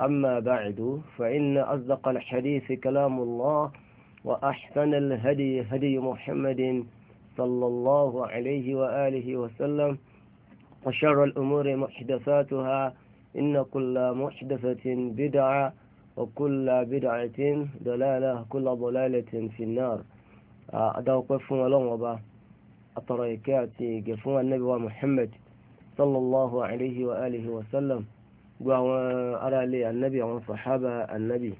أما بعد فإن أصدق الحديث كلام الله وأحسن الهدي هدي محمد صلى الله عليه وآله وسلم وشر الأمور محدثاتها إن كل محدثة بدعة وكل بدعة دلالة كل ضلالة في النار أدوقف ولغبة الطريقات قفونا النبي محمد صلى الله عليه وآله وسلم gbogbo àwọn aráalé anabi àwọn sàhábà anabi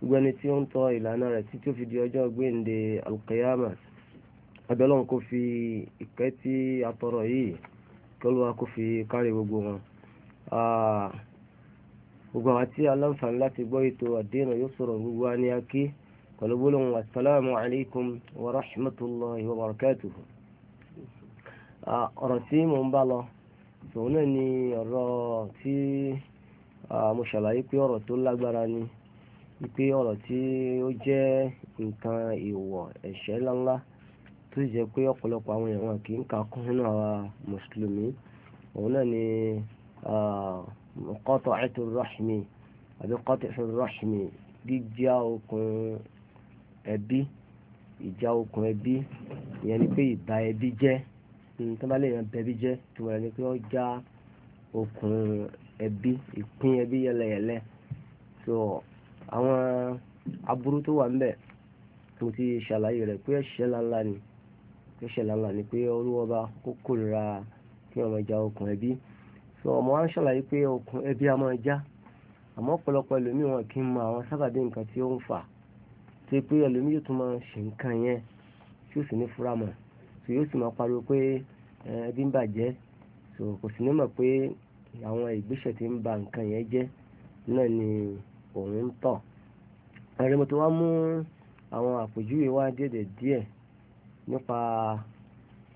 gbogbo ẹni tí ó ń tọ́ ìlànà rẹ̀ títí ó fi di ọjọ́ gbéǹde alqiyama abẹ́lọ́n kò fi ìkẹ́ tí a tọrọ yìí kọlùwà kò fi kárí gbogbo wọn. gbogbo àwọn tí aláǹfààní láti gbọ́ ètò àdéhùn yóò sọ̀rọ̀ gbogbo wa ní akí pẹ̀lú gbólóhùn asalaamu alaykum wa rahmatulahi wa barakatuhu. ọ̀rọ̀ tí mò ń bá lọ sòun náà ọ̀rọ̀ tí. mo ṣàlàyé pé ọ̀rọ̀ tó lágbára ni pé ọ̀rọ̀ tí ó jẹ́ nǹkan èèwọ̀ ẹ̀ṣẹ̀ ńláńlá tó sì jẹ́ pé ọ̀pọ̀lọpọ̀ àwọn èèyàn wọn kì í kà kún nínú àwa mùsùlùmí òun náà ni qat'atu rahmi àbí qat'u rahmi jíjá okùn ẹbí ìjà okùn ẹbí ìyẹn ni pé ìbá ẹbí jẹ́ tó bá lè yan bẹbí jẹ́ tó wọlé ni pé já okùn ẹbí ìpín ẹbí yẹlẹyẹlẹ so àwọn aburú tó wà ńbẹ tó ti ṣàlàyé rẹ̀ pé ẹ̀ṣẹ̀ ńláńlá ni ẹ̀ṣẹ̀ ńláńlá ni pé olúwọba kó kórìíra kí ọmọ ìjà okùn ẹbí so ọmọ wa ń ṣàlàyé pé okùn ẹbí a máa já àmọ́ ọ̀pọ̀lọpọ̀ ẹlòmíì wọn kì í mọ àwọn sábàbí nǹkan tí ó ń fà ṣe pé ẹlòmíì tún máa ṣe nǹkan yẹn tí yóò sì ní fura tí yóò sì máa pariwo pé ẹbí ń bàjẹ́ so kò sì ní mọ̀ pé àwọn ìgbésẹ̀ tí ń ba nǹkan yẹn jẹ́ náà ni òun ń tọ̀. ààrẹ mo ti wá mú àwọn àpèjúwe wá díẹ̀ díẹ̀ nípa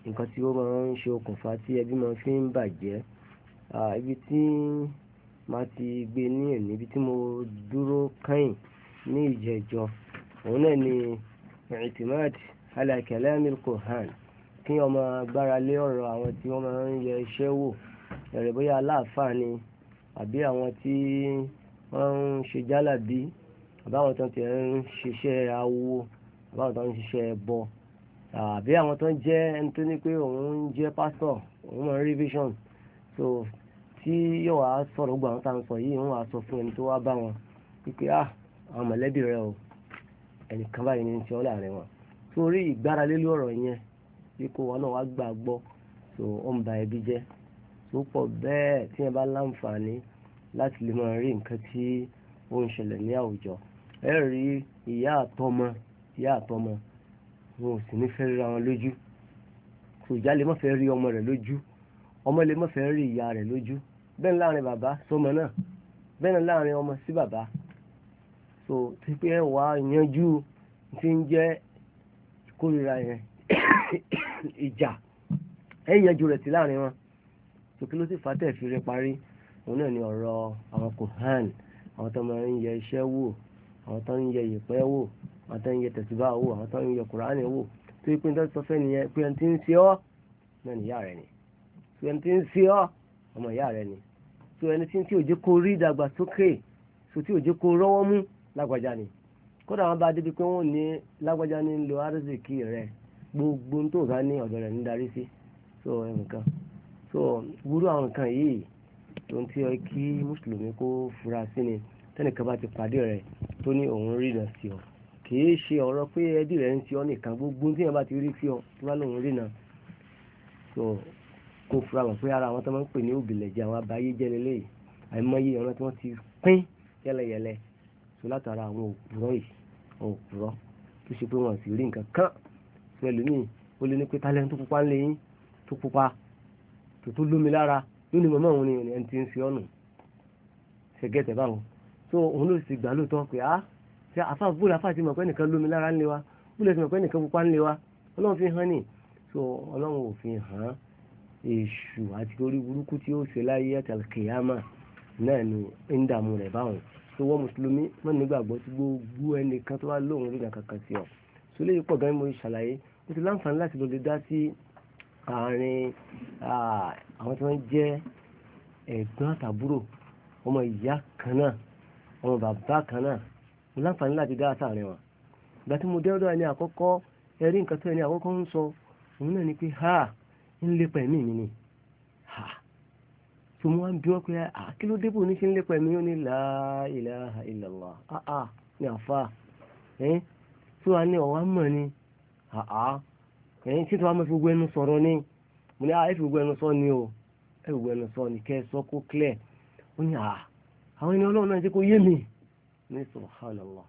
nǹkan tí ó máa ń ṣe okùnfà tí ẹbí máa fi ń bàjẹ́ ibi tí màá ti gbé ní èmi ibi tí mo dúró kẹ́yìn ní ìjẹ́jọ́ òun náà ni i'timad ala kalamil kuhan kí ọmọ gbára lé ọ̀rọ̀ àwọn tí wọ́n máa ń yẹ iṣẹ́ wò ẹ̀rẹ̀ bóyá aláàfáà ni àbí àwọn tí wọ́n ń ṣe jálàbí àbáwọn tó ń tẹ̀ ń ṣiṣẹ́ awo àbáwọn tó ń ṣiṣẹ́ ẹbọ àbí àwọn tó ń jẹ́ ẹni tó ní pé òun ń jẹ́ pásítọ̀ òun mọ̀ ń rí vision so tí yóò wá sọ̀rọ̀ gbogbo àwọn tá à ń sọ yìí wọ́n wá sọ fún ẹni tó wá bá wọn pípé ah àwọn mọ̀lẹ́bí rẹ o ẹnìkan báyìí ní ti ọ́ láàrin wọn torí ìgbáralé ọ̀rọ̀ yẹn bí wọn náà wá gbà so ó ń ba ẹbí jẹ́ tó pọ̀ bẹ́ẹ̀ tí yẹn bá láǹfààní láti lè máa rí nǹkan tí ó ń ṣẹlẹ̀ ní àwùjọ ẹ rí ìyá àtọmọ ìyá àtọmọ wọn ò sì ní fẹ́ ríra wọn lójú kò ìyá lè má fẹ́ rí ọmọ rẹ̀ lójú ọmọ lè má fẹ́ rí ìyá rẹ̀ lójú bẹ́ẹ̀ ni láàrin bàbá sọmọ náà bẹ́ẹ̀ ni láàrin ọmọ sí bàbá so ti pé ẹ wá yanjú ti ń jẹ́ ìkórira yẹn ìjà ẹ yanjú rẹ̀ sí láàrin wọn sókè ló sì fà á tẹ̀ fi rí parí òun náà ni ọ̀rọ̀ àwọn kohan àwọn tó máa ń yẹ iṣẹ́ wò àwọn tó ń yẹ ìyẹ̀pẹ̀ wò àwọn tó ń yẹ tẹ̀síbá wò àwọn tó ń yẹ kùránì wò tó yẹ pé nítorí sọfẹ́ nìyẹn pé ẹni tí ń ṣe ọ́ náà nìyá rẹ̀ ni pé ẹni tí ń ṣe ọ́ ọmọ ìyá rẹ̀ ni tó ẹni tí ń tí òjé kó rí ìdàgbàsókè tó tí òjé kó rọ́wọ́ mú lágbàjá ni kódà wọn bá débi pé wọn ní lágbàjá ní lo arzikì rẹ gbogbo tó bá ní ọ̀dọ̀ rẹ̀ ń darí sí so nǹkan so wúrú àwọn nǹkan yìí tó ń tí ọ kí mùsùlùmí kó fura sí ni tẹ́nìkan bá ti pàdé rẹ̀ tó ní òun rìnà sí ọ kìí ṣe ọ̀rọ̀ pé ẹbí rẹ̀ ń ti ọ nìkan gbogbo tí yẹn bá ti rí sí ọ tó bá lóun rìnà so kó fura mọ̀ pé ara àwọn tó máa ń pè ní òbílẹ̀jẹ̀ àwọn abáyé jẹ́ lélẹ́yìí àìmọye ọ̀rọ̀ tí wọ́n ti pín yẹlẹyẹlẹ so látara àwọn òpùrọ̀ yìí àwọn òpùrọ̀ tó ṣe pé wọn sì rí nǹkan kan pẹ̀lú mi ó lé ní pé tálẹ́ pupa ń lé yín tó pupa tó lómi lára yóò ní mọ̀mọ́ òun ni ẹni tí ń fi ọ̀nà ṣẹ̀gẹ́tẹ̀ báwọn tó òun ló sì gbà lóòótọ́ pé á ah, ṣe àfa búlẹ̀ àfa ti mọ̀ pé nìkan lómi lára ńlẹ̀ wa búlẹ̀ ti mọ̀ pé nìkan pupa ńlẹ̀ wa ọlọ́run fi hàn ní so ọlọ́run ò fi hàn èṣù àti orí burúkú tí ó ṣe láyé àtàlùkìyàmà náà ni ń dààmú rẹ̀ báwọn tó wọ́n mùsùlùmí wọ́n nígbàgbọ́ tí gbogbo ẹnìkan tó wá lóhùn rí nǹkan kan sí ọ so léyìí pọ̀ gan-an mo ṣàlàyé mo ti láǹfààní láti lọ lè dá sí àárín àwọn tí wọ́n jẹ́ ẹ̀gbọ́n àtàbúrò ọmọ ìyá kan náà ọmọ bàbá kan náà mo láǹfààní láti dá àtàrin wọn ìgbà tí mo dẹ́rọ́dọ́ ẹni àkọ́kọ́ ẹ̀rí nǹkan tó ẹni àkọ́kọ́ ń sọ òun náà ni pé ha ń lépa ẹ̀mí mi ni ha tó mo wá ń bí wọn pé àkìló débò ní ṣe ń lépa ẹ̀mí yóò ní la ilaha illallah ah ah ní àfa ẹ́ tó wà ní ọ̀wá mọ̀ ni ha ah ẹ̀yìn tí tí wọ́n fi gbogbo ẹnu sọ̀rọ̀ ni mo ní àá fi gbogbo ẹnu sọ ni o ẹ gbogbo ẹnu sọ ni kẹ́ ẹ sọ kó clear ó ní àá àwọn ènìyàn ọlọ́run náà jẹ́ kó yé mi ní subhanallah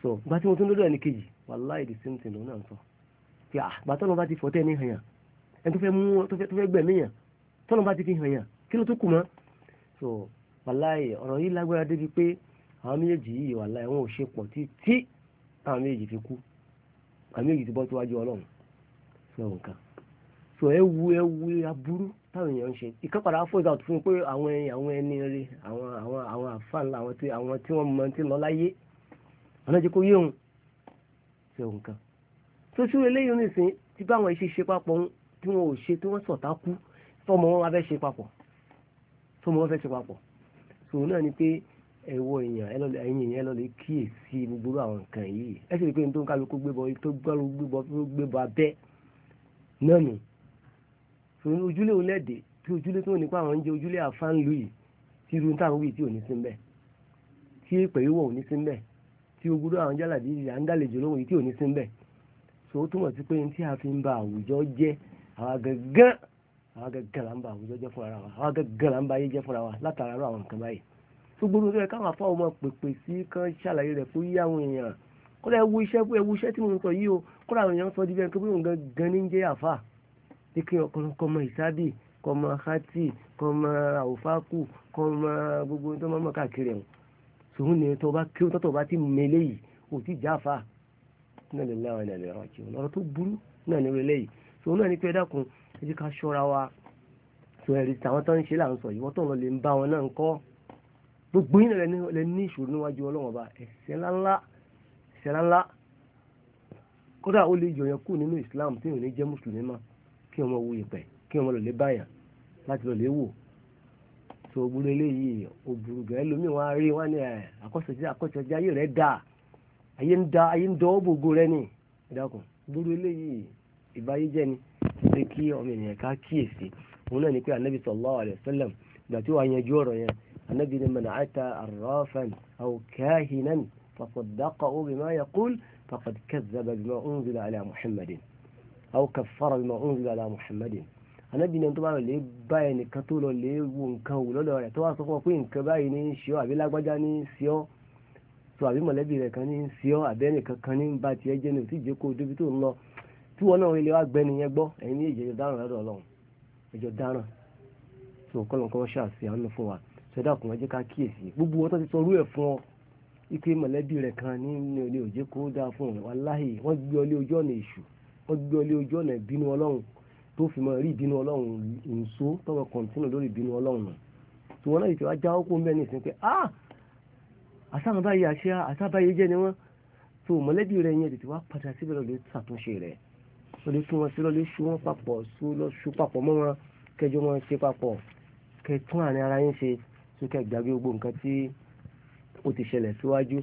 so gba tí mo tún lọ́dọ̀ ẹni kejì wàláì the same thing lòun náà ń sọ pé à gba tọ́lọ́ bá ti fọ́ tẹ́ẹ̀ ní hàn yàn ẹni tó fẹ́ mú tó fẹ́ gbẹ̀mí yàn tọ́lọ́ bá ti fi hàn yàn kí ló tó kù mọ́ so wàláì ọ̀rọ̀ yìí lágbára débi pé àwọn méjèèjì yìí wàláì wọn ò ṣe pọ̀ títí àwọn méjèèjì fi kú àwọn méjèèjì ti bọ́ tó wájú ọlọ́run ẹ̀wọ̀n kan so ẹ wu ẹ táwọn èèyàn ń ṣe ìkápadà afọ́jà tó fún mi pé àwọn ẹni àwọn ẹni rẹ àwọn àwọn àwọn àfáànlá àwọn tí àwọn tí wọ́n mọ ti lọ láyé àwọn ẹ̀jẹ̀ yé òun ẹ̀wọ̀n kan so sí eléyìí nìsín tí báwọn iṣẹ́ ṣe papọ̀ tí wọn ò ṣe tí wọ́n sọ̀tá kú tọmọ wọn abẹ́ ṣe papọ̀ tọmọ wọn fẹ́ ṣe papọ̀ so náà ni pé ẹwọ èèyàn ẹlọlẹ ẹyin èèyàn ẹlọlẹ kíyèsí gbogbo àwọn nǹkan yìí ẹ sì pé n kálukú gbébọ tó gbálù gbébọ tó náà nù fún ojúlé òun lẹ́dẹ̀ẹ́ tí ojúlé tó nípa àwọn oúnjẹ ojúlé àfáàn lù yìí tí irun táwọn wí tí ò ní sí mbẹ tí èpè wọ ò ní sí mbẹ tí ogúdó àwọn jálàbí à ń dàlejò lóhùn yìí tí ò ní sí mbẹ so ó túmọ̀ sí pé tí a fi ń ba àwùjọ jẹ́ àwa gangan àwa gangan là ń ba àwùjọ jẹ́ fúnra wa àwa gangan là ń ba ayé jẹ́ fúnra wa látara àwọn nǹkan báyìí tó gbóná tó yẹ káwọn afáwọn máa pèpè sí kán ṣàlàyé rẹ̀ kó yí àwọn èèyàn kó lè wo iṣẹ́ wo iṣẹ́ tí mo sọ yìí o kúrò àwọn èèyàn sọ di bẹ́ẹ̀ kébí òun gan ní jẹ́ àfà pé kí ọkọ ọmọ ìsábì kọ ọmọ hati kọ ọmọ àwòfáàkù kọ ọmọ gbogbo tó máa mọ káàkiri ẹ̀wọ̀n sòun ni tó bá kí ó tọ́tọ̀ bá ti mẹ́lẹ́ yìí ò ti jà àfà náà lè láwọn ẹ̀nà ìlera ọ̀kì ọ̀nà tó burú náà ní orílẹ̀ yìí sòun náà ní pé dákun ẹ jẹ́ ká ṣọ́ra wa sọ ẹ̀rí tàwọn tó ń ṣe là ń sọ yìí wọ́n tó ń lọ lè ń bá wọn náà ń kọ́ gbogbo yín lẹ ní ìṣòro níwájú ọlọ́wọ́n ọba ẹ̀ṣẹ̀ ńláńlá ẹ̀ṣẹ̀ ńláńlá kódà ó lè yọ̀yàn kú nínú islam tí ò ní jẹ́ mùsùlùmí mọ́ kí ọmọ wo ìpẹ́ kí ọmọ lọ̀lẹ́ báyàn láti lọ̀lẹ́ wò tó o burú eléyìí o burú gan ẹlòmíì wọn á rí wọn ni àkọsọjá àkọsọjá ayé rẹ dáa ayé ń da ayé ń dọ ọ́ gbogbo rẹ ni ìdákun burú eléyìí ìbáyéjẹ́ ni ṣe kí ọmọ ènìyàn ká kíyèsí òun náà ni pé anabi sallallahu alayhi wa فقد كذب بما أنزل على محمد أو كفر بما أنزل على محمد anabi ni ẹni tó bá lè bá ẹnìkan tó lọ lè wo nǹkan wò lọ́dọ̀ rẹ̀ tó wá sọ fún ọ pé nǹkan báyìí ní í ṣe ọ́ àbí lágbájá ní í ṣe ọ́ tó àbí mọ̀lẹ́bí rẹ̀ kan ní í ṣe ọ́ àbí ẹnìkan kan ní í ba tiẹ̀ jẹ́ ní òtí ìjókòó débi tó ń lọ tí wọn náà ilé wa gbẹ nìyẹn gbọ́ ẹ̀yin ní ìjẹ́jọ́ dáràn lọ́dọ̀ ọlọ́run ẹjọ́ dáràn tó kọ́lọ́nkọ́ ṣàṣeyàn fún wa ṣẹ́dá ọkùnrin jẹ́ ká kíyèsí gbogbo wọn tó ti sọ orú ẹ̀ fún ọ ipe mọ̀lẹ́bí rẹ̀ kan ní ilé òjé kó dáa fún òun wàláhì wọ́n gbé ọlé ojú ọ̀nà èṣù wọ́n gbé ọlé ojú ọ̀nà ìbínú ọlọ́run tó fi máa rí ìbínú ọlọ́run nso tọwọ kọ̀ǹtínù lórí ìbínú ọlọ́run tí wọ́n náà yìí ti wá jáwọ́ kó ń bẹ́ẹ̀ ní ìsìn pé ah àsáàbáyé àṣẹ àsáàbáyé jẹ́ ni wọ́n tó mọ̀lẹ́bí rẹ̀ yẹn tètè wá padà síbẹ̀ lọ́lẹ́ ṣàtúnṣe rẹ̀ lọ́lẹ́ tún wọn sí lọ́lẹ́ ṣú wọn papọ̀ ṣú lọ́ṣú papọ̀ mọ́ wọn kẹjọ wọn ṣe papọ̀ kẹtún àárín ara yín ṣe tó kẹ gbàgbé ó ti ṣẹlẹ̀ síwájú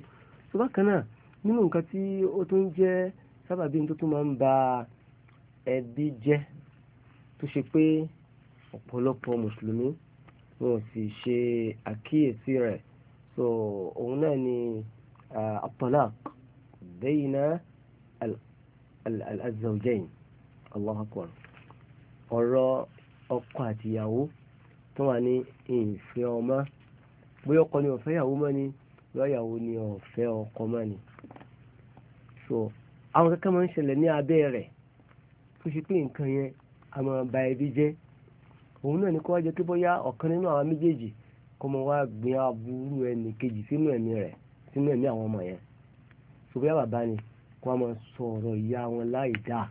tó bákan náà nínú nǹkan tí ó tún jẹ́ sábàbí tó tún máa ń ba ẹbí jẹ́ tó ṣe pé ọ̀pọ̀lọpọ̀ mùsùlùmí wọn ò sì ṣe àkíyèsí rẹ̀ so òun náà ni at-talaq bayna al-zawjayn Allahu akbar ọ̀rọ̀ ọkọ àtìyàwó tó wà ní ìfẹ́ ọmọ bóyá ọkọ ni ó fẹ́ ìyàwó mọ́ ni lọ́yàwó ni ọ̀fẹ́ ọkọ máa ni so àwọn kankan máa ń ṣẹlẹ̀ ní abẹ́ rẹ̀ tó ṣe pé yẹn a máa ba ẹbí jẹ́ òun náà ni kó wá jẹ́ pé bóyá ọ̀kan nínú àwọn méjèèjì kó gbin aburú ẹnì kejì sínú ẹ̀mí rẹ̀ ọmọ yẹn so bóyá bàbá ni kó wá máa wọn láì dáa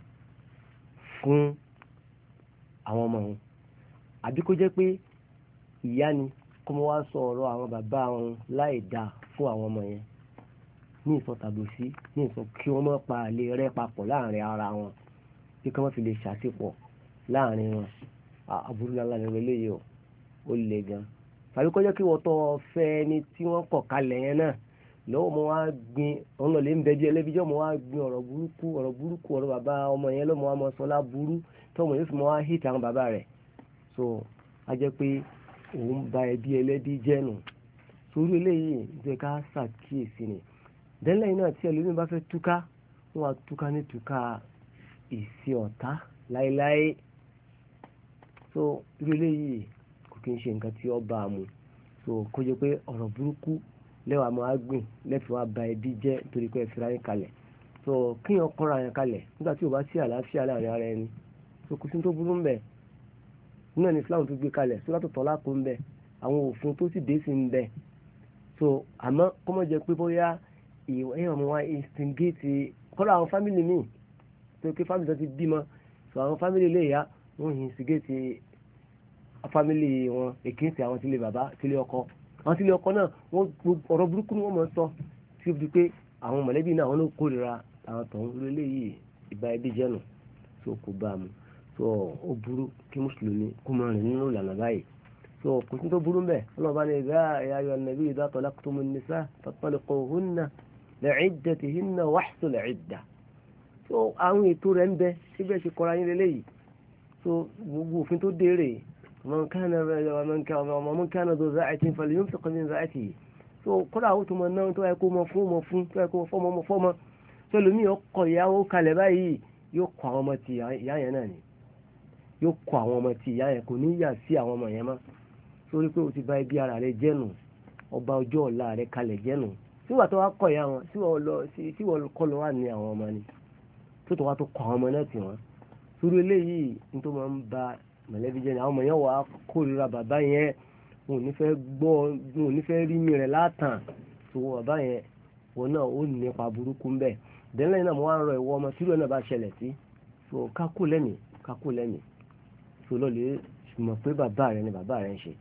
fún àwọn ọmọ wọn àbí kó jẹ́ ni kó mọ wá àwọn fún àwọn ọmọ yẹn ní ìsọ tàbùsí ní ìsọ kí wọ́n má pa àlè rẹ papọ̀ láàrin ara wọn bí kí wọ́n fi lè ṣàṣepọ̀ láàrin wọn àbúrò lálá ni rẹ o ó le gan tàbí kọjá kí wọ́n tọ́ fẹ́ ẹni tí wọ́n kọ̀ kalẹ̀ yẹn náà lọ́wọ́ mo wá gbin ọ̀nà lè ń bẹ bí ẹlẹ́bíjọ́ mo wá gbin ọ̀rọ̀ burúkú ọ̀rọ̀ burúkú ọ̀rọ̀ bàbá ọmọ yẹn lọ́mọ wa mọ sọlá burú tọ́mọ yóò fi mọ wá hìtì àwọn bàbá rẹ̀ so a jẹ́ pé òun ba ẹbí ẹlẹ́bí jẹ́ sórí eléyìí jẹ́ ká ṣàkíyèsí ni dẹ́lẹ̀ iná tí ẹlòmíín bá fẹ́ túká wọ́n á túká ní túká ìsìn ọ̀tá láéláé so irú eléyìí kò kí n ṣe nǹkan tí ó bá so kó jẹ́ pé ọ̀rọ̀ burúkú lẹ́wàá máa gbìn lẹ́fẹ̀ẹ́ wá ba ẹbí jẹ́ torí pé ẹ̀fẹ́ ráyè kalẹ̀ so kíyàn kọ́ra yẹn kalẹ̀ nígbà tí o bá sí àlàáfíà láàrin ara ẹni so kò sí tó burú ń bẹ̀ nínú ẹni Islam tó gbé kalẹ̀ sọ́dọ̀ tó tọ́lá àwọn òfin tó sì dé sí ń so àmọ́ kọ́mọ̀ jẹ́ pé bóyá èèyàn mọ̀ wá instigate kọ́lá àwọn fámìlì míì tó kí fámìlì tó ti bímọ so àwọn fámìlì lè yá wọ́n instigate fámìlì wọn èkéǹsì àwọn tílé bàbá tílé ọkọ àwọn tílé ọkọ náà wọ́n ọ̀rọ̀ burúkú ni wọ́n mọ̀ ń sọ tí ó di pé àwọn mọ̀lẹ́bí náà wọ́n ló kórìíra àwọn tọ̀hún lólè yìí ìbá ẹbí jẹ́nu tó kò bá mu tó ó burú kí mùsùlùmí kó máa rìn nínú ìlànà báyìí so kò sí tó burú mbẹ ọlọ́ba ní ìgbà ayọ̀ nàbí idha talaqtumun nisa fatalliquhunna li'iddatihinna wahsul 'idda so àwọn ètò rẹ̀ ń bẹ síbẹ̀ ṣe kọ́ra yín lélẹ́yìí so gbogbo òfin tó dérè mọ̀nkánà tó za'ati falyumsik min za'atihi so kọ́ra àwọn tó mọ̀ náà tó yẹ kó mọ fún mọ fún tó yẹ kó fọ́ mọ fọ́ mọ sọlọ́mí yóò kọ ìyàwó kalẹ̀ báyìí yóò kọ àwọn ọmọ ti ìyá yẹn náà ni yóò kọ àwọn ọmọ ti ìyá yẹn kò ní yà sí àwọn ọmọ yẹn mọ́ sórí pé o ti bà ẹbí ara rẹ jẹ́ nù ọba ọjọ́ ọ̀la rẹ kalẹ̀ jẹ́ síwà tó wá kọ̀ ya wọn síwà kọ́ ló wà ní àwọn ọmọ ni tó tó wá tó kọ́ àwọn ọmọ náà tì wọ́n sórí eléyìí nítorí wọn ba mọ̀lẹ́bí jẹ́ ni àwọn ọmọ yẹn wà á kórìíra bàbá yẹn wọn ò ní fẹ́ gbọ́ wọn ò ní fẹ́ rí mi rẹ̀ látàn tó bàbá yẹn wọn náà ó nípa burúkú ń bẹ̀ dẹ́lẹ́ náà mo wá ń rọ ìwọ ọmọ tíró náà bá ṣẹlẹ̀ sí so kákó lẹ́mìí kákó lẹ́mìí so lọ́ọ́ lè mọ̀ pé bàbá rẹ ni bàbá rẹ ń ṣe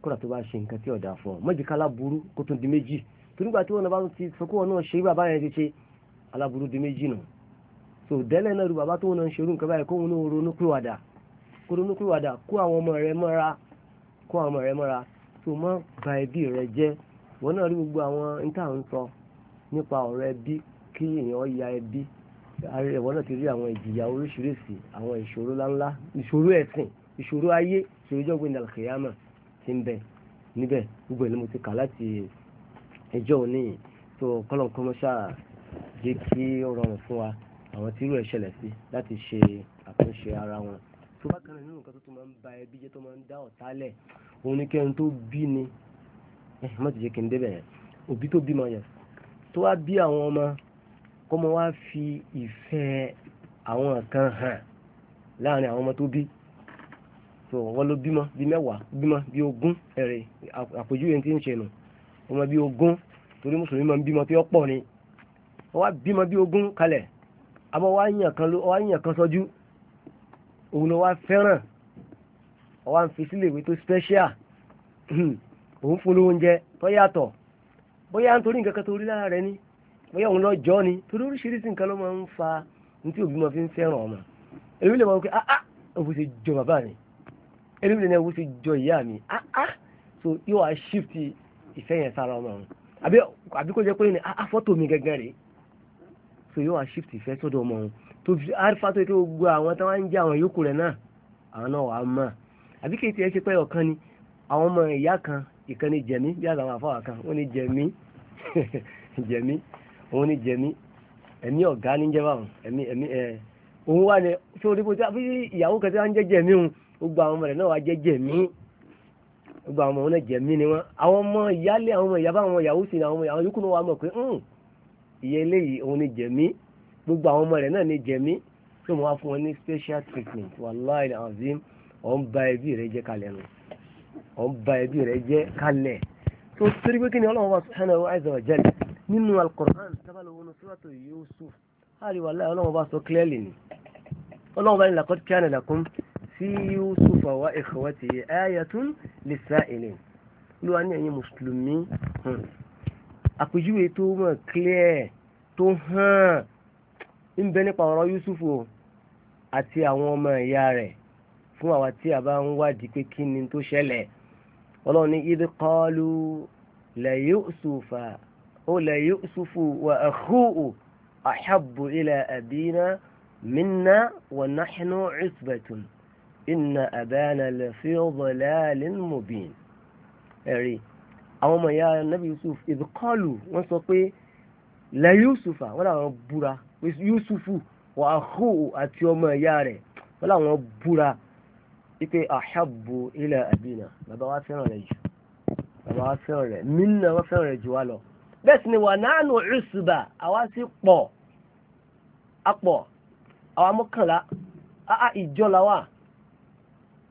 kódà tó bá ṣe nǹkan tí ọ̀dà fún ọ mọ́jì ká aláburú kó tún di méjì tó nígbà tí wọn bá ti sọ wọn náà ṣe bàbá yẹn ti ṣe aláburú di méjì nà so dẹ́lẹ̀ náà ru bàbá tó wọn ṣerú nǹkan báyìí kó wọn náà ronú pìwàdà kó ronú pìwàdà kó àwọn ọmọ rẹ mọ́ra kó àwọn ọmọ rẹ mọ́ra tó mọ́ ba ẹbí rẹ jẹ́ wọn náà rí gbogbo àwọn níta ń sọ nípa ọ̀rọ̀ ẹbí kí ya ẹbí ìwọ náà ti rí àwọn ìjìyà oríṣiríṣi àwọn ìṣòro láńlá ìṣòro ti ń bẹ níbẹ̀ gbogbo ìlú mo ti kà láti ẹjọ́ òní tó kọ́lọ́nkọ́mọ́ṣà jẹ́ kí ó rọrùn fún wa àwọn tí irú ẹ̀ ṣẹlẹ̀ sí láti ṣe àtúnṣe ara wọn. tó bá kan nínú nǹkan tó tún máa ń ba ẹbí jẹ́ tó máa ń dá ọ̀tá lẹ̀ òun ni kẹrin tó bí ni ẹ má ti jẹ́ kí n débẹ̀ yẹn òbí tó bímọ yẹn tó wá bí àwọn ọmọ kọ́mọ wá fi ìfẹ́ àwọn kan hàn láàrin àwọn ọmọ tó bí so wọ́n bi bímọ bí mẹ́wàá bímọ bí ogún ẹ̀rẹ̀ àpèjúwe ti ń ṣe nù ọmọ bí ogún torí mùsùlùmí máa ń bímọ tí ó pọ̀ ni wọ́n wá bímọ bí ogún kalẹ̀ àmọ́ wọ́n kan sọ́jú òun fẹ́ràn wọ́n wá ń fi ìwé tó special òun oúnjẹ tó ni bóyá òun lọ jọ ni torí oríṣiríṣi nǹkan ló máa ń fa ní tí fi ń fẹ́ràn ọmọ èmi lè máa wọ pé ah ah òun ẹlẹ́mìí náà wọ́n ti jọ ìyá mi ah, ah so yóò wá shift ìfẹ́ yẹn sára ọmọ ọ̀hún àbí àbí kó jẹ́ pé ní ah, ah fọ́tò mi gẹ́gẹ́ rèé so yóò wá shift ìfẹ́ sọ́dọ̀ ọmọ ọ̀hún tó fi arifa tó yẹ kí gbogbo àwọn táwọn ń jẹ́ àwọn yòókù rẹ̀ náà àwọn náà wàá mọ̀ àbí kí tiẹ̀ ṣe pé ọ̀kan ni àwọn ọmọ ìyá kan ìkan jẹ̀mí bí àtàwọn àfọwà kan wọ́n ní jẹ̀mí jẹ̀mí òun ní jẹ̀mí ẹ̀mí ọ̀gá ní jẹ́ báwọn ẹ̀mí ẹ̀mí ẹ̀ òun wà ní sórí bó ti àbí ìyàwó kẹta ń jẹ́ jẹ̀mí òun gbogbo àwọn ọmọ rẹ̀ náà wá jẹ́ jẹ̀mí gbogbo àwọn ọmọ wọn náà jẹ̀mí ni wọn àwọn ọmọ ìyálé àwọn ọmọ ìyàbá àwọn ìyàwó sì ni àwọn ọmọ yòókù náà wà mọ̀ pé hmm, ìyá eléyìí òun ni jẹ̀mí gbogbo àwọn ọmọ rẹ̀ náà ni jẹ̀mí tó mọ̀ wá fún wọn ní special treatment wàláì azim ọ̀ ba ẹbí rẹ̀ jẹ́ kalẹ̀ nù ọ̀ ba ẹbí rẹ̀ jẹ́ kalẹ̀ tó torí pé kí ni ọlọ́run wa sí Yusufa wa ikhwatihi ayatun lis-sa'ilin ló wà ní ẹ̀yin mùsùlùmí àpèjúwe tó mọ̀ clear tó hàn ń bẹ nípa ọ̀rọ̀ Yusuf o àti àwọn ọmọ ìyá rẹ̀ fún àwa tí a bá ń wádìí pé kí ni tó ṣẹlẹ̀ ọlọ́run ní idh la Yusufa ó la Yusufu wa akhuhu ahabbu ila abina minna wa nahnu isbatun inna abana la fi dhalalin mubin ẹ̀rí àwọn ọmọ ìyá nabi yusuf ìdíkọ́lù wọ́n sọ pé la yusufa wọ́n làwọn búra pé yusufu wà áhù àti ọmọ ìyá rẹ̀ wọ́n làwọn búra wípé ahabbu ila abina bàbá wa fẹ́ràn rẹ̀ jù bàbá wa fẹ́ràn rẹ̀ minna wa fẹ́ràn rẹ̀ jù wá lọ bẹ́ẹ̀ sì ni wà nánú usba àwa sì pọ̀ apọ̀ àwa mọ́kànlá àà ìjọ làwà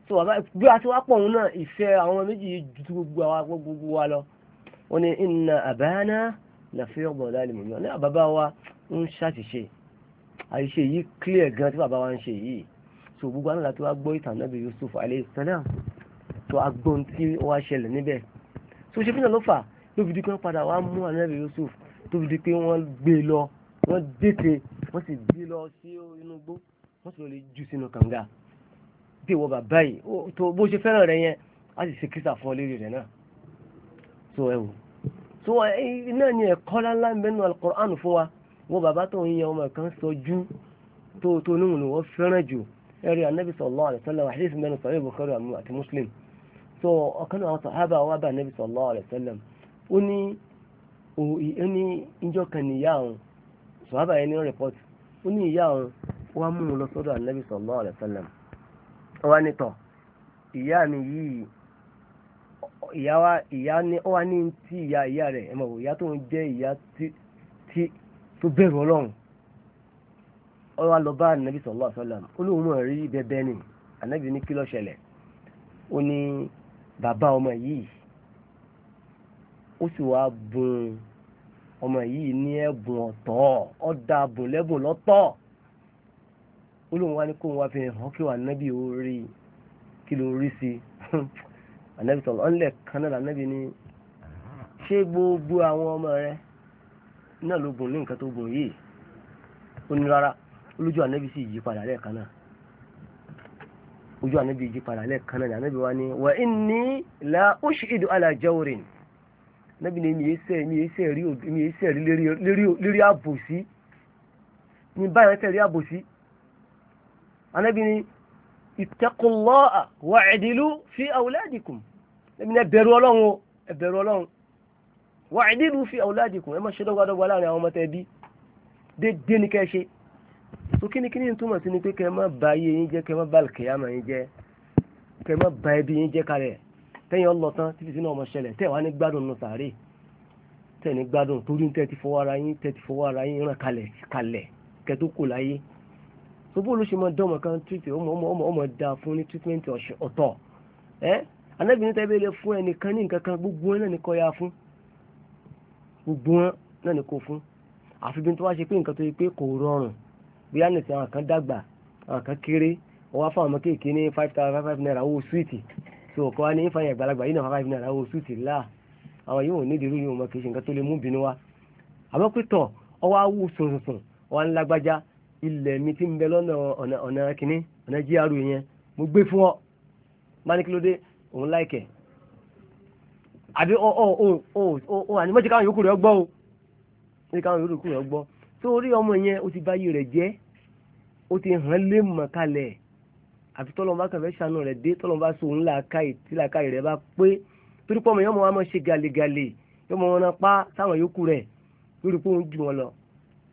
tó wà báyìí bí a ti wá pọ̀ òun náà ìfẹ́ àwọn méjì yìí ju gbogbo àwa gbogbo wa lọ wọn ni inna àbáyáná làfi ọgbọ̀n láàrin mọ̀ ní àbábá wa ń ṣàṣìṣe àṣìṣe yìí clear gan tí bàbá wa ń ṣe yìí so gbogbo àná láti wá gbọ́ ìtàn náà bí Yusuf alayhi salam tó agbóhun tí wá ṣẹlẹ̀ níbẹ̀ so ṣe fínà ló fà ló fi di pé wọ́n padà wá mú ànábì Yusuf tó fi di pé wọ́n gbé e lọ wọ́n dètè wọ́n sì gbé e lọ sí inú igbó wọ́n sì lọ pé ìwọ bàbá yìí tó bó ṣe fẹ́ràn rẹ yẹn á sì ṣe kírísà fún ọ lérí rẹ náà tó ẹ wò tó náà ni ẹ̀kọ́ láńlá mẹ́nu Al-Qur'an fún wa wọ́n bàbá tó ń yan ọmọ kan sọjú tó tó níwọ̀n ni wọ́n fẹ́ràn jù ẹ̀rí anabi sallallahu alaihi wasallam àdéhìí mẹ́nu sọ̀rọ̀ Bukhari àti Muslim tó ọ̀kan àwọn sàhábà wà bá anabi sallallahu alaihi wasallam ó ní ó ní ìjọ kan níyà òun sàhábà yẹn ní rìpọ́tì ó ní ìyá òun wọ́n mú un lọ sọ́dọ̀ anabi sallallahu alaihi wasallam wọ́n ní tọ̀ ìyá mi yìí ìyá wa ìyá ni ó wá ní tí ìyá ìyá rẹ̀ ẹ̀ mọ̀ wò ìyá tó ń jẹ́ ìyá tí tó bẹ̀rù ọlọ́run ó wá lọ bá ànábì sallallahu alaihi wasallam ó rí bẹ́bẹ́ ni ànábì ní kí ló ṣẹlẹ̀ ó ní bàbá ọmọ yìí ó sì wá bùn ọmọ yìí ní ẹ̀bùn ọ̀tọ̀ ó dá bùn lẹ́bùn lọ́tọ̀ olóhùn wa ni kóhùn wa fi hàn kí wà nábì ó rí kí ló rí sí ànábì sọ̀rọ̀ ọ̀nlẹ̀ kan náà lànábì ni ṣé gbogbo àwọn ọmọ rẹ náà ló gùn ní nǹkan tó gùn yìí ó ní rárá olójú ànábì sì yí padà lẹ́ẹ̀kan náà ojú ànábì yí padà lẹ́ẹ̀kan náà ni ànábì wa ni wà inni la ushhidu ala jawrin nábì ni mi èsẹ̀ rí lérí àbòsí mi báyọ̀ ẹsẹ̀ rí àbòsí anábì ni ittaqullaha wa'dilu fi awladikum ẹbí ni ẹbẹ̀rù ọlọ́run o ẹbẹ̀rù ọlọ́run wa'dilu fi awladikum ẹ má ṣe dọ́gbadọ́gba láàrin àwọn ọmọ tẹ́ bí dédé ní kẹ́ ṣe so kínníkínní túmọ̀ sí ni pé kẹ́ ẹ má ba ayé yín jẹ́ kẹ́ ẹ má ba kẹ́yàmà yín jẹ́ kẹ́ ẹ má ba ẹbí yín jẹ́ kalẹ̀ tẹ́yìn ọlọ́tán títí sínú ọmọ ṣẹlẹ̀ tẹ́ wà ní gbádùn nù sàárè tẹ́ ní gbádùn torí tẹ́ ti fọwọ́ ara yín tẹ́ ti fọwọ́ ara yín ràn kalẹ̀ kalẹ̀ tó kò láyé sobó ló ṣe máa dán ọmọ kan tírìtì ọmọ ọmọ ọmọ ọmọ da fún ní tírítímẹ́ǹtì ọ̀tọ̀ ẹ́ anábì níta ẹbí ilé fún ẹnìkan ní nǹkan kan gbogbo wọn náà ní kọ́ ya fún gbogbo wọn náà ní kò fún àfi bí n tó wá ṣe pé nǹkan tó yẹ pé kò rọrùn bí ánìsí àwọn kan dàgbà àwọn kan kéré ọwọ́ afọ àwọn kéèké ní five thousand five five naira owó súwìtì so ọkọ wa ní ìfàyàn àgbàlagbà yìí náà five naira owó súwìtì láà àwọn yóò ní ìdírú yìí wọn kì í ṣe nǹkan tó lè mú bínú wa àmọ́ pé tọ̀ ọwọ́ awú sùnsùn wọn lágbájá ilẹ̀ mi ti ń bẹ lọ́nà ọ̀nà ọ̀nà kìíní ọ̀nà gr yẹn mo gbé fún ọ bá ní kí ló dé òun láìkẹ̀ àbí ọ ọ ọ ọ ọ àní mọ́tí káwọn yòókù rẹ̀ gbọ́ o mọ́tí káwọn yòókù rẹ̀ gbọ́ tó orí ọmọ yẹn ó ti báyé rẹ̀ jẹ́ ó ti hàn lé mọ̀ kalẹ̀ àfi tọ́lọ́mọba kẹfẹ́ sànù rẹ̀ dé tọ́lọ́mọba so òun làákàyè tí làákàyè rẹ̀ bá pé torí pọ́ ọmọ yẹn ọmọ wa máa ṣe gàlégàlé yọmọ wọn pa sáwọn yòókù rẹ̀ lórí pé òun jù wọn lọ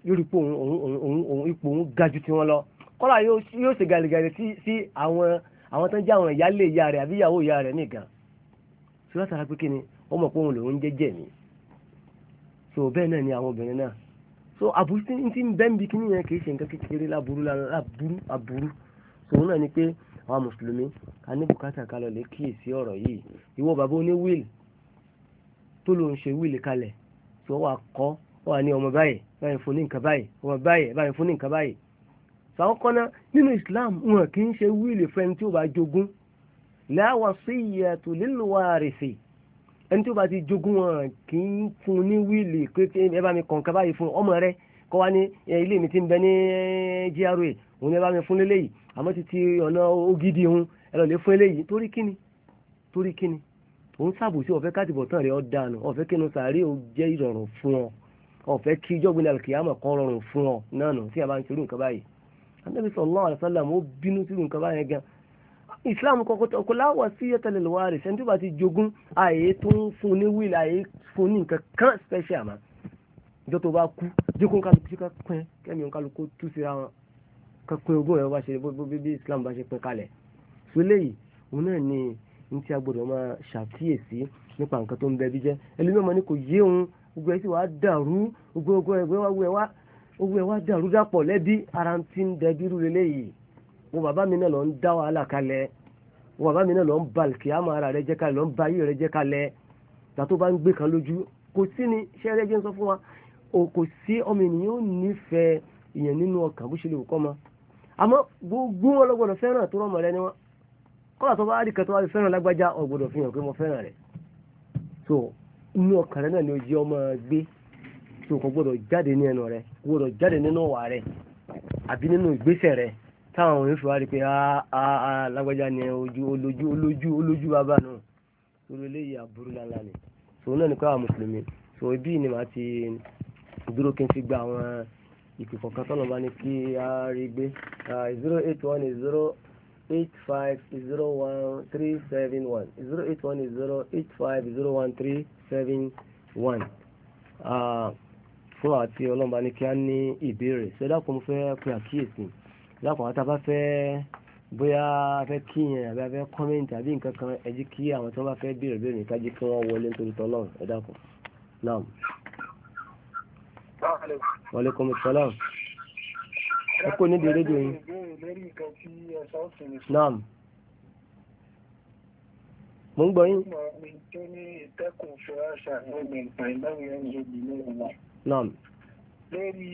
yóò rí pé òun ipò òun ga ju tiwọn lọ kọ́lá yóò ṣe gàlẹ́gàlẹ́ sí àwọn àwọn tó ń jẹ́ àwọn ìyáálé ìyá rẹ̀ àbí ìyàwó ìyá rẹ̀ nìkan so látara pé kí ni wọ́n mọ̀ pé òun lòun jẹ́jẹ́ mi so bẹ́ẹ̀ náà ni àwọn obìnrin náà so àbúrú tí ń ti ń bẹ́ẹ̀ ń bi kí nìyẹn kì í ṣe nǹkan kékeré láburú láburú àburú so òun náà ni pé àwọn mùsùlùmí a ní bùkátà ká lọ lè kíyèsí ọ̀rọ̀ yìí ìwọ bàbá oní wíìlì tó lòun ṣe wíìlì kalẹ̀ so wà kọ́ wà ní ọmọ báyìí báyìí fún ní nǹkan báyìí wọn báyìí báyìí fún ní nǹkan báyìí. sàwọn kọ́ná nínú Islam wọn kì í ṣe wíìlì fún ẹni tí ó bá jogún la wasiyatu lil warisi ẹni tí ó bá ti jogún wọn kì í fún ní wíìlì pé ẹ bá mi kàn nǹkan báyìí fún ọmọ rẹ kọ́ wá ní ilé mi ti ń bẹ ní eh, GRA òun ẹ bá mi fún lélẹ́yìí àmọ́ títí ọ̀nà ògidì òun ẹ lọ lè fún eléyìí torí kíni torí kíni òun ṣàbùsí ọ̀fẹ́ kátìbọ̀tán rẹ̀ ọ̀ dànù ọ̀fẹ́ kínú sàárè ò jẹ́ ìrọ̀rùn fún ọ ọ̀fẹ́ kí ìjọ́gbìn alkiyama kan rọrùn fún ọ náà nù tí a bá ń ṣerú nǹkan báyìí anabi sallallahu alaihi wasallam ó bínú sírú nǹkan báyẹn gan islam kọkọtọ kò láwà sí ẹtẹlẹlẹ wa rẹ sẹńtúbà ti jogún àyè tó ń fún ní wíìlì àyè fún ní nǹkan kan special ma ìjọ tó bá kú jókòó kálukú sí kápẹ́ kẹ́mi kálukú tú síra wọn kápẹ́ ogún ẹ̀ bá ṣe bí islam bá ṣe pín kalẹ̀ sólè yìí òun náà ni ní tí a máa ṣàkíyèsí nípa nǹkan tó ń bẹ bí jẹ́ ẹlẹ́mìí ọmọ ni kò yé òun gbogbo ẹ sì wá dàrú gbogbo ẹgbẹ́ wa wẹ wá gbogbo ẹ wá dàrú dàpọ̀ lẹ́bí ara ń ti ń dẹbí rú lélẹ́yìí wọn bàbá mi náà lọ ń dá wàhálà kalẹ̀ wọn bàbá mi náà lọ ń ba kìámà ara rẹ jẹ́ kalẹ̀ lọ ń ba ayé rẹ jẹ́ kalẹ̀ tàtó bá ń gbé kan lójú kò sí ni sẹ́rẹ́ jẹ́ ń sọ fún wa kò sí ọmọ ènìyàn ò nífẹ̀ẹ́ ìyẹn nínú ọkàn bó ṣe lè kọ́ ma àmọ́ gbogbo wọn lọ́gbọ́dọ̀ fẹ́ràn tó rọ́mọ rẹ ni wọn kọ́lá tó bá rí kẹtọ́ wá fẹ́ràn lágbájá ọ̀gbọ́dọ̀ fi hàn pé mo fẹ́ràn rẹ̀ so inú ọkàn rẹ náà ni ojú ọmọ gbé tí o kò gbọdọ̀ jáde ní ẹnu rẹ gbọdọ̀ jáde nínú ọ̀wà rẹ àbí nínú ìgbésẹ̀ rẹ táwọn òun fi wá rí pé aaa lágbájá ni ojú olójú olójú olójú bàbá náà lórí eléyìí aburú lánàá ni sòun náà ni káwa mùsùlùmí so ibi ni màá ti dúró kí n fi gba àwọn ìpè tọ́lọ̀ bá ní kí a rí gbé zero eight one zero eight five zero one three seven one zero eight one zero eight five zero one three seven one. Ah, fún àti ọlọ́mọba ní kí á ní ìbéèrè ṣé dákun mo fẹ́ pe àkíyèsí dákun àwọn tá a bá fẹ́ bóyá a fẹ́ kíyàn àbí a fẹ́ kọ́mẹ́ǹtì àbí nǹkan kan ẹ jí kí àwọn tí wọ́n bá fẹ́ béèrè béèrè nìkan jí kí wọ́n wọlé nítorí tọ́lọ́run ẹ dákun. naam. wàlẹ́kùn ẹ kò ní dèrè dòyìn. naam mo ń gbọ́ yín. naam lórí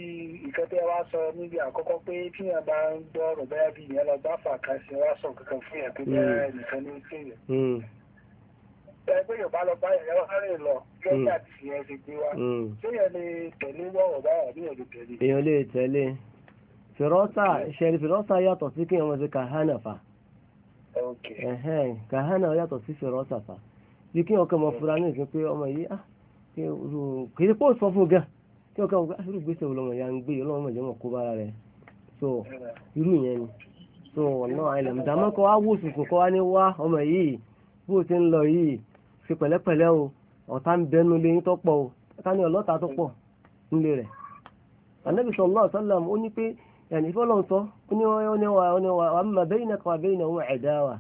ìkan tí ẹ wá sọ níbi àkọ́kọ́ pé tí yẹn bá ń gbọ́ ọ̀rọ̀ bẹ́ẹ̀ bí ìyẹn lọ bá fà kan sí wá sọ kankan fún yẹn pé bẹ́ẹ̀ hmm. nìkan ní tèèyàn. Hmm. ẹgbẹ́ yorùbá lọ bá yẹn wá rìn lọ gẹ́gẹ́ hmm. àti ìyẹn ti gbé wa. ṣé yẹn lè tẹ̀lé wọ̀rọ̀ báyà ní èdè tẹ̀lé. èèyàn lè tẹ̀lé. fìrọ́sà ṣẹ̀rí fìrọ́sà yàtọ̀ sí kí wọ́n ṣe kàhánà fa kàhánà yàtọ̀ sí fìrọ́sà fa bí kí wọ́n ọmọ fura ní ìsìn pé ọmọ yìí á ah, kì í pọ̀ sọ fún gan kí ọmọ ah, irú gbèsè ya ń gbé ọlọ́mọ ìjọ wọn kó bára rẹ̀ so irú yẹn ni so ọ̀nà àìlẹ̀ mùdàmọ́ kọ́ wá wò sùkùn kọ́ wá ní wá ọmọ yìí bó ti ń lọ yìí pẹ̀lẹ́pẹ̀lẹ́ o ọ̀tá ń bẹnu lé yín tó pọ̀ o ọ̀tá ọlọ́ta tó pọ̀ nílé yàní fọlọ́n sọ oníwà oníwà wà má bẹ́yìn náà kàwá bẹ́yìn náà wọ́n àdáwà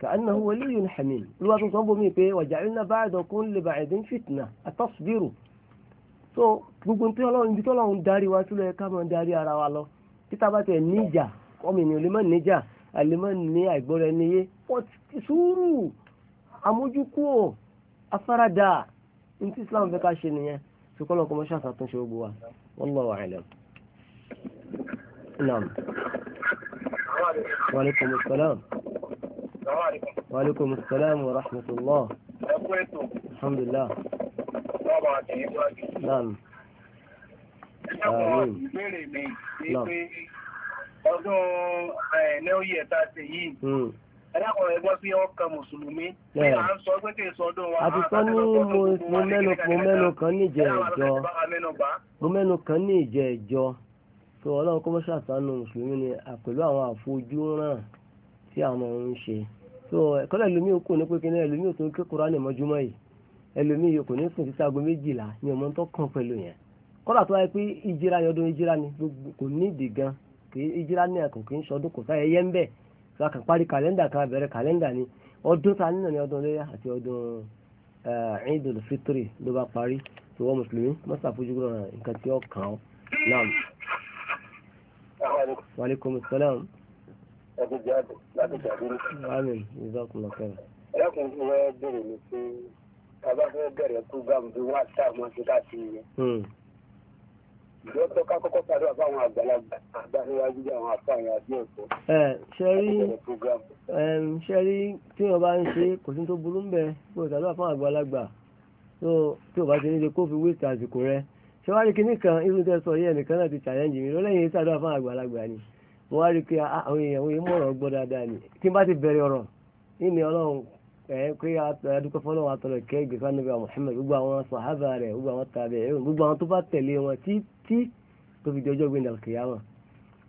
kà á náà wọlé yìí hàmì olúwa tó sọ́n bomi pé wàjà iná bá àdọ̀kún lè so gbogbo tí ọlọ́run ibi tí ọlọ́run darí wa sílẹ̀ ká máa darí ara wa lọ títa bá tẹ̀ níjà ọmọ ènìyàn lè má níjà àlè má ní àìgbọ́ra ẹni yé sùúrù àmójúkúò afárádà ní tí Islam fẹ́ ká ṣe nìyẹn sùkọ́lọ́ kọ́mọ́ṣáṣà tó ń ṣe gbogbo wa wallahu a'lam. السلام. وعليكم السلام وعليكم السلام ورحمة الله الحمد لله نعم آمين نعم ọdún ẹ̀ẹ́nẹ́ọ̀yẹ̀ tá a ṣe yìí ẹ̀dàkọ̀rọ̀ ẹgbọ́n sí ọkàn mùsùlùmí ní à ń sọ pé kí n sọ ọdún wa. àti sọ ní mo mẹ́nu kan ní ìjẹ́ ẹ̀jọ́ mo mẹ́nu kan ní ìjẹ́ ẹ̀jọ́ so ọlọ́run kó mọ́ ṣàtánù mùsùlùmí ni pẹ̀lú àwọn àfojúràn tí àwọn ọmọ ń ṣe so ẹ̀kọ́lẹ̀ ẹlòmí ò kò ní pé kíní ẹlòmí ò tó ń ké Kùránì mọ́júmọ́ yìí ẹlòmí yìí ní sùn títí aago méjìlá ni ọmọ tó kàn pẹ̀lú yẹn kọ́lá tó wáyé pé ìjìra yọdún ìjìra ni kò ní ìdì gan ìjìra ní ẹ̀kọ́ kì í ṣọdún kò sáyẹ yẹ́ ń bẹ̀ so àkàn parí kàlẹ́ndà kan àbẹ̀rẹ̀ kàlẹ́ndà ni ọdún ta nínú ni ọdún léyà àti ọdún Eid al-Fitr ló bá parí so wọ́n mùsùlùmí mọ́sàfójúgbọ́n nǹkan tí ó kàn án náà wa aleykum salaam. ẹ̀kú jáde láti jáde ní. amin jazakumullahu khairan. ẹlẹ́kùn fún wa bèrè mi pé bàbá fẹ́ bẹ̀rẹ̀ program bí wọ́n àti àwọn ṣe káàkiri yẹn. ìjọ́tọ̀ ká kọ́kọ́ parí wà fáwọn àgbàlagbà àgbàníwájú àwọn àfààní àbí ẹ̀kọ́. ẹ ṣe rí ṣe rí tí wọn bá ń ṣe kò sí tó burú ń bẹ bó ṣàdúrà fáwọn àgbàlagbà tí ò bá ti ní ṣe kó fi wíìtì àsìkò rẹ̀ ṣé wàá kan irú tẹ́ sọ yẹn nìkan náà ti challenge mi lọ́lẹ́yìn sàdúrà fún àgbàlagbà ni mo wá rí pé ah, ah, àwọn èèyàn òye mọ̀rọ̀ gbọ́ dáadáa ni kí n bá ti bẹ̀rẹ̀ ọ̀rọ̀ ìní ọlọ́run ẹ̀ pé adúgbò fọlọ́ wa tọrọ ìkẹ́ ìgbésà níbi àwọn Muhammad gbogbo àwọn sàhábà rẹ̀ gbogbo àwọn tàbí ẹ̀ gbogbo àwọn tó bá tẹ̀lé wọn títí tó fi di ọjọ́ gbé ìdàlùkì yá wọn.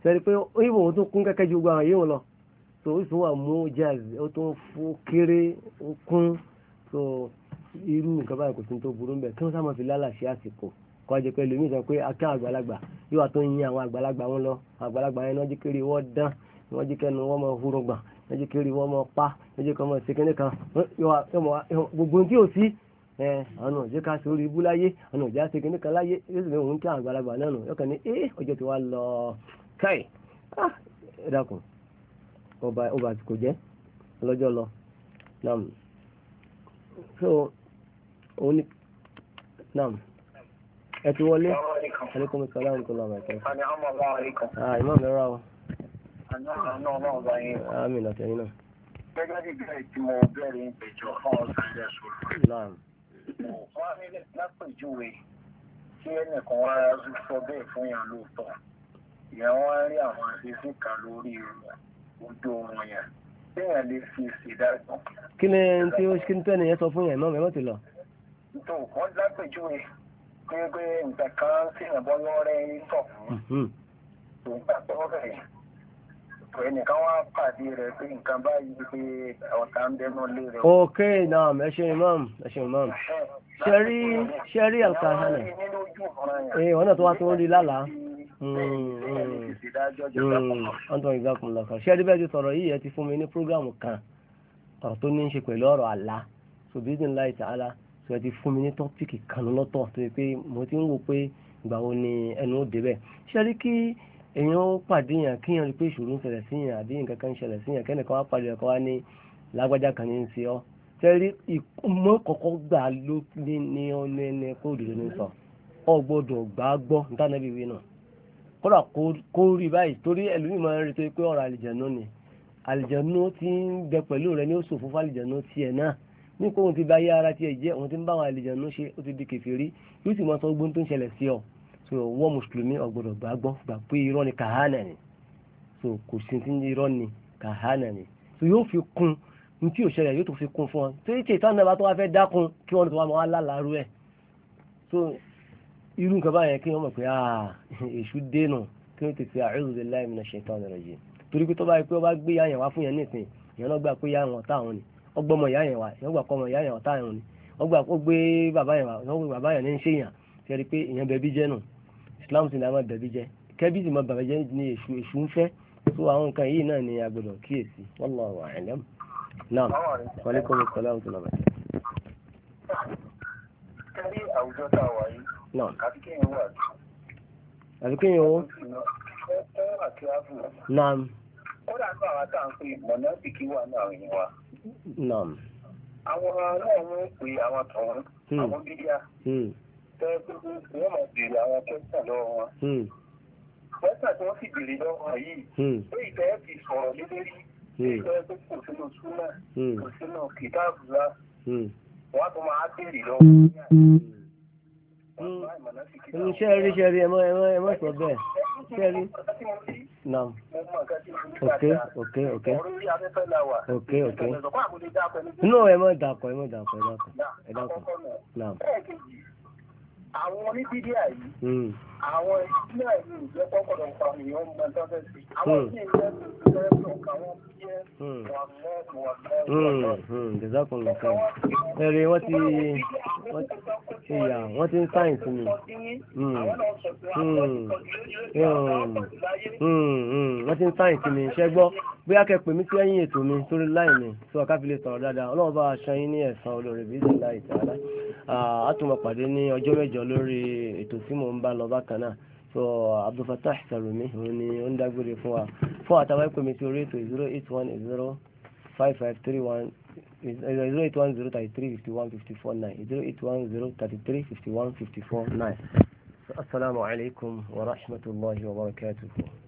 sẹ́ni pé ìbò tó kún kẹ́kẹ́ ju gbogbo àwọn yìí wọn lọ tó oṣù wa mú jazz ó tó ń fún kéré ó kún tó kọjá pé lómi sọ pé akẹ́ àgbàlagbà yóò wá tó ń yin àwọn àgbàlagbà wọn lọ àgbàlagbà yẹn náà kiri wọ́n dán wọ́n jíkẹ́nu wọ́n mọ hurugba wọ́n jíkiri wọ́n mọ pa wọ́n jíkẹ́ mọ sekene kan gbogbo tí ò sí ẹ ọ̀nà òjìká sórí ibú láyé ọ̀nà òjìká sekene kan láyé yóò sì fi òun kí àgbàlagbà náà nù yọkàn ní ẹ ọjọ́ tí wàá lọ káì ah, ẹ dákun ọba àsìkò jẹ́ ọlọ́jọ́ nam so òun nam ẹ ti wọlé aleykum salaam tó lọ bàtẹ. ìmọ̀ mi rà o. àmì ìlàtẹ̀ yín náà. gẹ́gẹ́ bí bẹ́ẹ̀ tí mo bẹ̀rẹ̀ ìpèjọ fún ọ̀sán ilẹ̀ wọ́n á ní lápèjúwe tí ẹnìkan wá sọ bẹ́ẹ̀ fún yàn lóòótọ́ ìyẹn wọ́n á rí àwọn àṣìṣe kan lórí ojú wọn yẹn kí ni tí ó kí ni tẹ́niyẹn sọ fún yẹn náà mẹ́mọ́ ti lọ. tó kọ́ lápèjúwe pé pé nǹkan kan sì bọ́ lọ́rẹ́ tọ̀ nígbà mm-hmm. tó rẹ̀ pé wá pàdé rẹ̀ pé nǹkan báyìí pé ọ̀tá ń bẹnu lé rẹ̀. ok náà ẹ ṣe imam ẹ ṣe imam ṣẹ́rí ṣẹ́rí alkahana ẹ wọn eh, náà tó wá tó ń rí lálàá ọ̀ntàn ìgbàkùn lọ́kàn ṣẹ́rí bẹ́ẹ̀ ti sọ̀rọ̀ yìí ẹ ti fún mi ní prógrámù kan ọ̀rọ̀ tó ní í ṣe pẹ̀lú ọ̀rọ̀ àlá so bí ní láì sọ ti fún mi ní tọ́pìkì kan lọ́tọ̀ tó yẹ pé mo ti ń wò pé ìgbà wo ni ẹnu ó débẹ̀ ṣé rí kí èèyàn pàdé yàn kí yàn rí pé ìṣòro ń ṣẹlẹ̀ sí yàn àbí nǹkan kan ń ṣẹlẹ̀ sí yàn kẹ́nìkan wá pàdé ọkọ wá ní lágbájá kan ní í ọ́ ṣé rí ìmọ̀ gbà ló ní ní ọ́nà ẹni kó òdòdó ní sọ ọ gbà á gbọ́ nítànàbí wí náà kódà kó rí báyìí torí ẹlòmíì máa ń retí pé ọ̀rọ̀ àlìjẹ̀nú ni àlìjẹ̀nú ti ń bẹ pẹ̀lú rẹ ní òṣòfò fún àlìjẹ̀nú tiẹ̀ náà ní kó wọn ti ba ayé ara tiẹ̀ jẹ́ òun ti ń bá àwọn àlejànú ṣe ó ti di kèfèrí yóò sì máa sọ gbóhùn tó ń ṣẹlẹ̀ sí ọ so wọ́n mùsùlùmí ọ̀gbọ̀dọ̀ gbàgbọ́ gbà pé irọ́ ni kàhánà ni so kò sí ti irọ́ ni kàhánà ni so yóò fi kún ní tí òṣèlè yóò tó fi kún fún ọ tó ṣe ìtàn náà bá tó wá fẹ́ dákun kí wọ́n tó wá máa lálàárú ẹ̀ so irú nǹkan báyẹn kí wọ́n mọ̀ pé ah, èṣù dénà kí wọ́n tètè a'udhu billahi minash shaitani rajim torí pé tó bá yẹ pé wọ́n bá gbé yàyàn wá fún yẹn nísìnyí ìyẹn náà gbà pé yàrá wọn táwọn ni ọgbọ́mọ ìyá yẹn wá ìyẹn gbà ìyá yẹn ọ̀tá yẹn ni ọgbà ó gbé bàbá yẹn wá ọgbà bàbá yẹn ní ń ṣèyàn ṣe pé ìyẹn bẹ̀bí jẹ́ nù Islam sì ní a máa bẹ̀bí jẹ́ kẹ́bí sì máa bàbá jẹ́ ní èṣù èṣù ń fẹ́ tó àwọn nǹkan yìí náà ni a gbọ́dọ̀ kíyèsí wallahu a'lam náà wàlẹ́kùn mi sọlá ọ̀tún lọ́bẹ̀. kẹ́rí àwùjọ tá a wà yìí àbí kéèyàn wà. àbí kéèyàn wò. ó wà kí á náà. kódà náà àwọn náà ń pè àwọn tọ̀hún hmm. àwọn bíríà hmm. tẹ́ pé máa béèrè àwọn kẹ́sà lọ́wọ́ wọn kẹ́sà hmm. tí wọ́n sì béèrè lọ́wọ́ yìí pé ìtẹ́ ti sọ̀rọ̀ lé lórí ìtẹ́ pé kò sínú súnà kò sínú kìtáàbù wọ́n á tún máa béèrè lọ́wọ́ ṣẹ́ẹ̀rí ṣẹ́ẹ̀rí ẹ má sọ bẹ́ẹ̀ ṣẹ́ẹ̀rí. Naam. Okay, okay, okay, okay, okay. No, ẹ mọ̀ dàpọ̀, ẹ mọ̀ dàpọ̀, ẹ dàpọ̀. Ẹ dàpọ̀. Naam. Àwọn oníbídíà yìí àwọn ìdílé ìlú ìjọ tọkọdọ pàmì yóò mọ tọ́fẹ́ sí àwọn tí hmm. ìjọ tó fẹ́ lọ́kà wọn bí ẹ wà mọ́ wà mọ́. jẹ́sàkùn nìkan ẹ̀rẹ̀ wọ́n ti ìyà wọ́n ti ń sáyìn sí mi. Hmm. Hmm. wọ́n ti ń sáyìn sí mi ṣẹ́ gbọ́ bóyá kẹ́ pè mí sí ẹ̀yìn ètò mi sórí láì mi tí wọ́n káfílẹ̀ sọ̀rọ̀ dáadáa ọlọ́run bá aṣọ yín ní ẹ̀sán olórí bíi ìdílé láì tààlà àtúmọ̀ pàdé ní ọjọ́ mẹ́jọ lórí ètò tí mò ń bá lọ bákan kan so abdulfatah salumi òun ni ó ń dágbére fún wa fún àtàwọn ẹ̀kọ́ mi ti orí ètò zero eight one zero five five three one zero eight one zero thirty three fifty one fifty four nine zero eight one zero thirty three fifty one fifty four nine. السلام عليكم ورحمة الله وبركاته